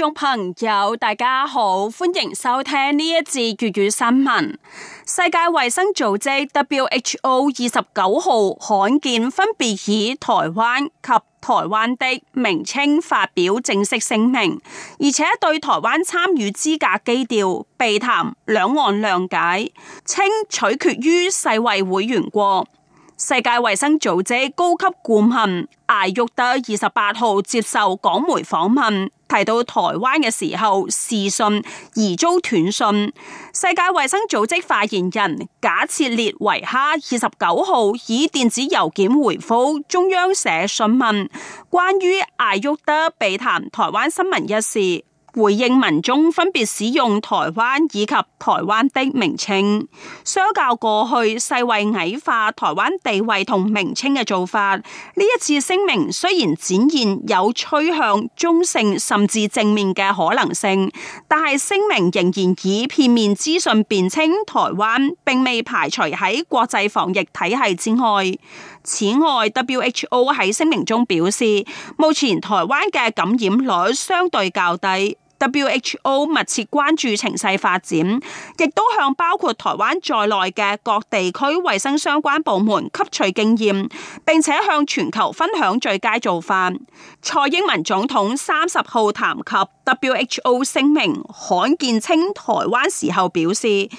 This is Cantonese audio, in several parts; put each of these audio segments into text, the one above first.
觀眾朋友，大家好，歡迎收聽呢一節粵語新聞。世界衛生組織 WHO 二十九號罕見分別以台灣及台灣的名稱發表正式聲明，而且對台灣參與資格基調避談兩岸諒解，稱取決於世衛會員國。世界衛生組織高級顧問艾育德二十八號接受港媒訪問，提到台灣嘅時候視訊疑遭斷訊。世界衛生組織發言人賈切列維卡二十九號以電子郵件回覆中央社訊問，關於艾育德避談台灣新聞一事。回應文中分別使用台灣以及台灣的名稱，相較過去世衛矮化台灣地位同名稱嘅做法，呢一次聲明雖然展現有趨向中性甚至正面嘅可能性，但係聲明仍然以片面資訊辯稱台灣並未排除喺國際防疫體系之外。此外，WHO 喺聲明中表示，目前台灣嘅感染率相對較低。WHO 密切關注情勢發展，亦都向包括台灣在內嘅各地區衛生相關部門吸取經驗，並且向全球分享最佳做法。蔡英文總統三十號談及。W H O 聲明罕見稱，台灣時候表示，希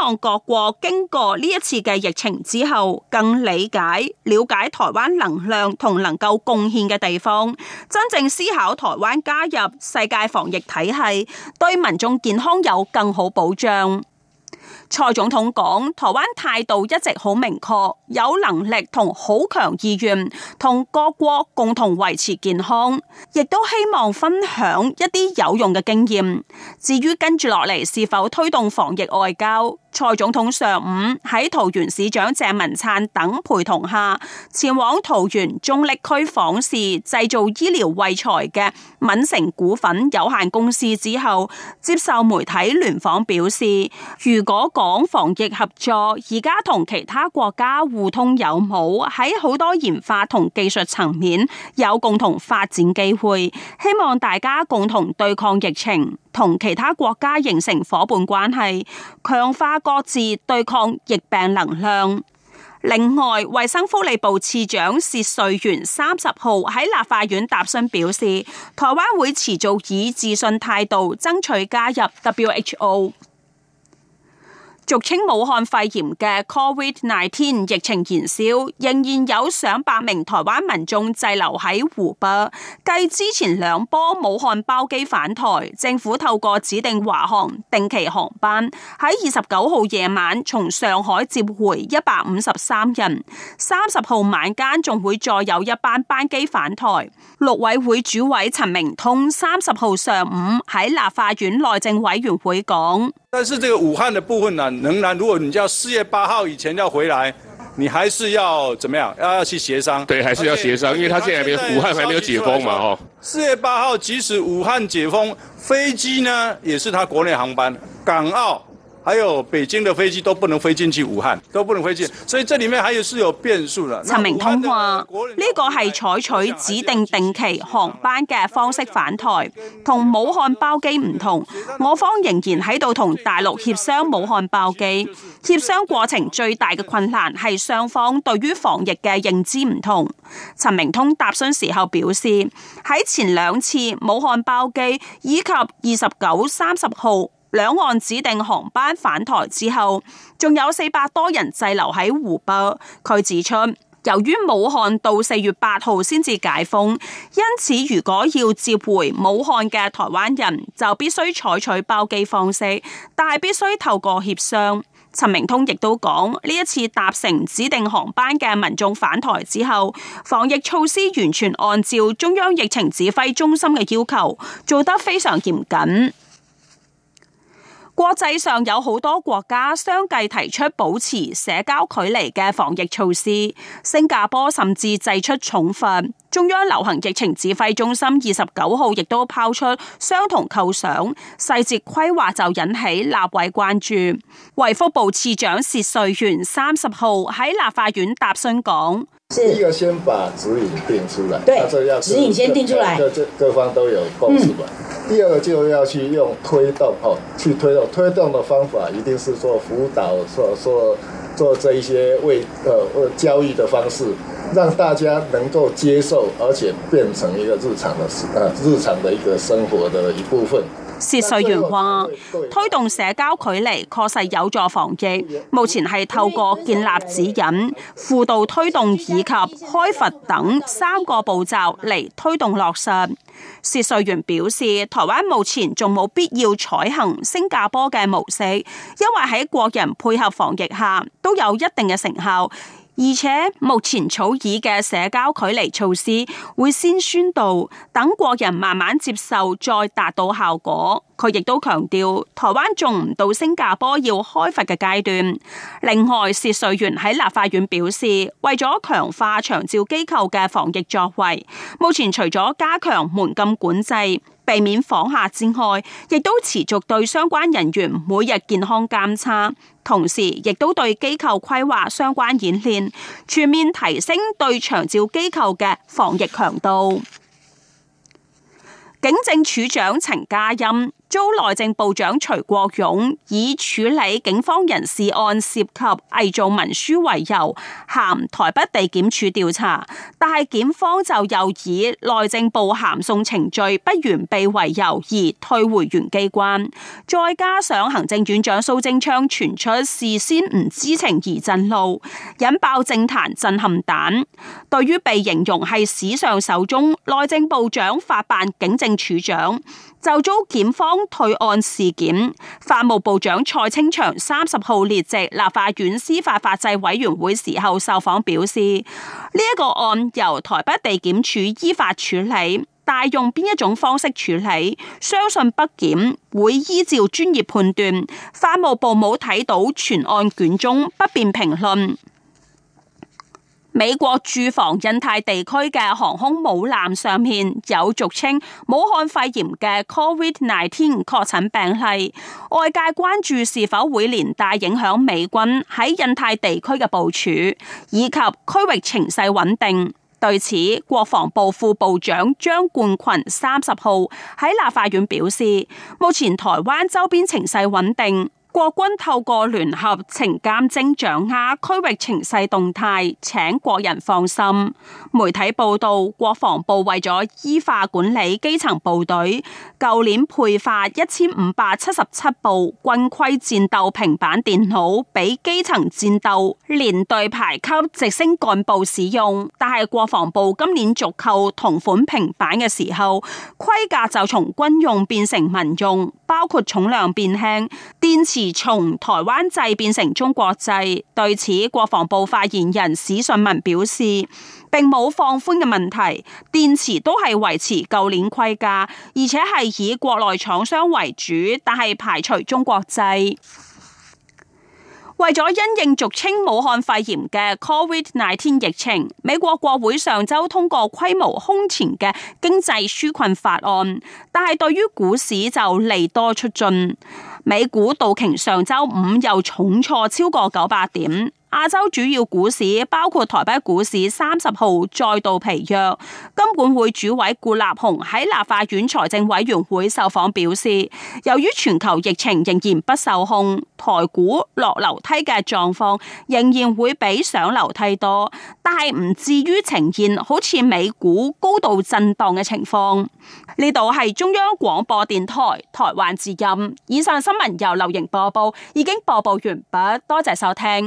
望各國經過呢一次嘅疫情之後，更理解了解台灣能量同能夠貢獻嘅地方，真正思考台灣加入世界防疫體系，對民眾健康有更好保障。蔡總統講，台灣態度一直好明確，有能力同好強意願，同各國共同維持健康，亦都希望分享一啲有用嘅經驗。至於跟住落嚟是否推動防疫外交，蔡總統上午喺桃園市長鄭文燦等陪同下前往桃園中壢區訪視製造醫療衛材嘅敏成股份有限公司之後，接受媒體聯訪表示，如果。講防疫合作，而家同其他國家互通有冇，喺好多研發同技術層面有共同發展機會，希望大家共同對抗疫情，同其他國家形成夥伴關係，強化各自對抗疫病能量。另外，衛生福利部次長薛瑞元三十號喺立法院答詢表示，台灣會持續以自信態度爭取加入 WHO。俗稱武漢肺炎嘅 COVID-19 疫情燃燒，仍然有上百名台灣民眾滯留喺湖北。繼之前兩波武漢包機返台，政府透過指定華航定期航班喺二十九號夜晚從上，上海接回一百五十三人。三十號晚間仲會再有一班班機返台。陸委會主委陳明通三十號上午喺立法院內政委員會講：但是這個武漢的部分呢仍然，如果你就要四月八號以前要回來，你還是要怎麼樣？要要去協商。對，還是要協商，且對因為他現在還沒有，武漢還沒有解封嘛，哈。四月八號，即使武漢解封，飛機呢也是他國內航班，港澳。還有北京的飛機都不能飛進去武漢，都不能飛進，所以這裏面還有是有變數的。的陳明通話呢、呢個係採取指定定期航班嘅方式返台，同武漢包機唔同。我方仍然喺度同大陸協商武漢包機，協商過程最大嘅困難係雙方對於防疫嘅認知唔同。陳明通答詢時候表示，喺前兩次武漢包機以及二十九、三十號。兩岸指定航班返台之後，仲有四百多人滯留喺湖北。佢指出，由於武漢到四月八號先至解封，因此如果要接回武漢嘅台灣人，就必須採取包機方式，但係必須透過協商。陳明通亦都講，呢一次搭乘指定航班嘅民眾返台之後，防疫措施完全按照中央疫情指揮中心嘅要求，做得非常嚴謹。國際上有好多國家相繼提出保持社交距離嘅防疫措施，新加坡甚至祭出重罰。中央流行疫情指揮中心二十九號亦都拋出相同構想，細節規劃就引起立委關注。衛福部次長薛瑞元三十號喺立法院答詢講。是第一個先把指引定出來，對，那要指引先定出來，各各各方都有共識吧。嗯、第二個就要去用推動哦，去推動，推動的方法一定是做輔導，做做做這一些為呃教育的方式，讓大家能夠接受，而且變成一個日常的，呃，日常的一個生活的一部分。薛瑞元話：推動社交距離確實有助防疫，目前係透過建立指引、輔導推動以及開罰等三個步驟嚟推動落實。薛瑞元表示，台灣目前仲冇必要採行新加坡嘅模式，因為喺國人配合防疫下都有一定嘅成效。而且目前草擬嘅社交距離措施會先宣導，等國人慢慢接受，再達到效果。佢亦都強調台灣仲唔到新加坡要開罰嘅階段。另外，涉稅員喺立法院表示，為咗強化長照機構嘅防疫作為，目前除咗加強門禁管制，避免房下展開，亦都持續對相關人員每日健康監測，同時亦都對機構規劃相關演練，全面提升對長照機構嘅防疫強度。警政署長陳家欽。遭內政部長徐國勇以處理警方人事案涉及偽造文書為由，函台北地檢署調查，但係檢方就又以內政部函送程序不完備為由而退回原機關。再加上行政院長蘇貞昌傳出事先唔知情而震怒，引爆政壇震撼彈。對於被形容係史上首宗內政部長法辦警政署長。就遭檢方退案事件，法務部長蔡清祥三十號列席立法院司法法制委員會時候受訪表示，呢一個案由台北地檢署依法處理，但用邊一種方式處理，相信北檢會依照專業判斷。法務部冇睇到全案卷宗，不便評論。美國駐防印太地區嘅航空母艦上面有俗稱武漢肺炎嘅 COVID-19 確診病例，外界關注是否會連帶影響美軍喺印太地區嘅部署，以及區域情勢穩定。對此，國防部副部長張冠群三十號喺立法院表示，目前台灣周邊情勢穩定。國軍透過聯合情監偵掌握區域情勢動態，請國人放心。媒體報道，國防部為咗依法管理基層部隊，舊年配發一千五百七十七部軍規戰鬥平板電腦俾基層戰鬥連隊排級直升幹部使用。但係國防部今年續購同款平板嘅時候，規格就從軍用變成民用，包括重量變輕、電池。從台灣製變成中國製，對此，國防部發言人史順文表示，並冇放寬嘅問題，電池都係維持舊年規價，而且係以國內廠商為主，但係排除中國製。為咗因應俗稱武漢肺炎嘅 COVID-19 疫情，美國國會上周通過規模空前嘅經濟紓困法案，但係對於股市就利多出盡。美股道瓊上周五又重挫超過九百點。亞洲主要股市包括台北股市三十號再度疲弱。金管會主委顧立雄喺立法院財政委員會受訪表示，由於全球疫情仍然不受控，台股落樓梯嘅狀況仍然會比上樓梯多，但係唔至於呈現好似美股高度震盪嘅情況。呢度係中央廣播電台台灣之音。以上新聞由劉瑩播報，已經播報完畢，多謝收聽。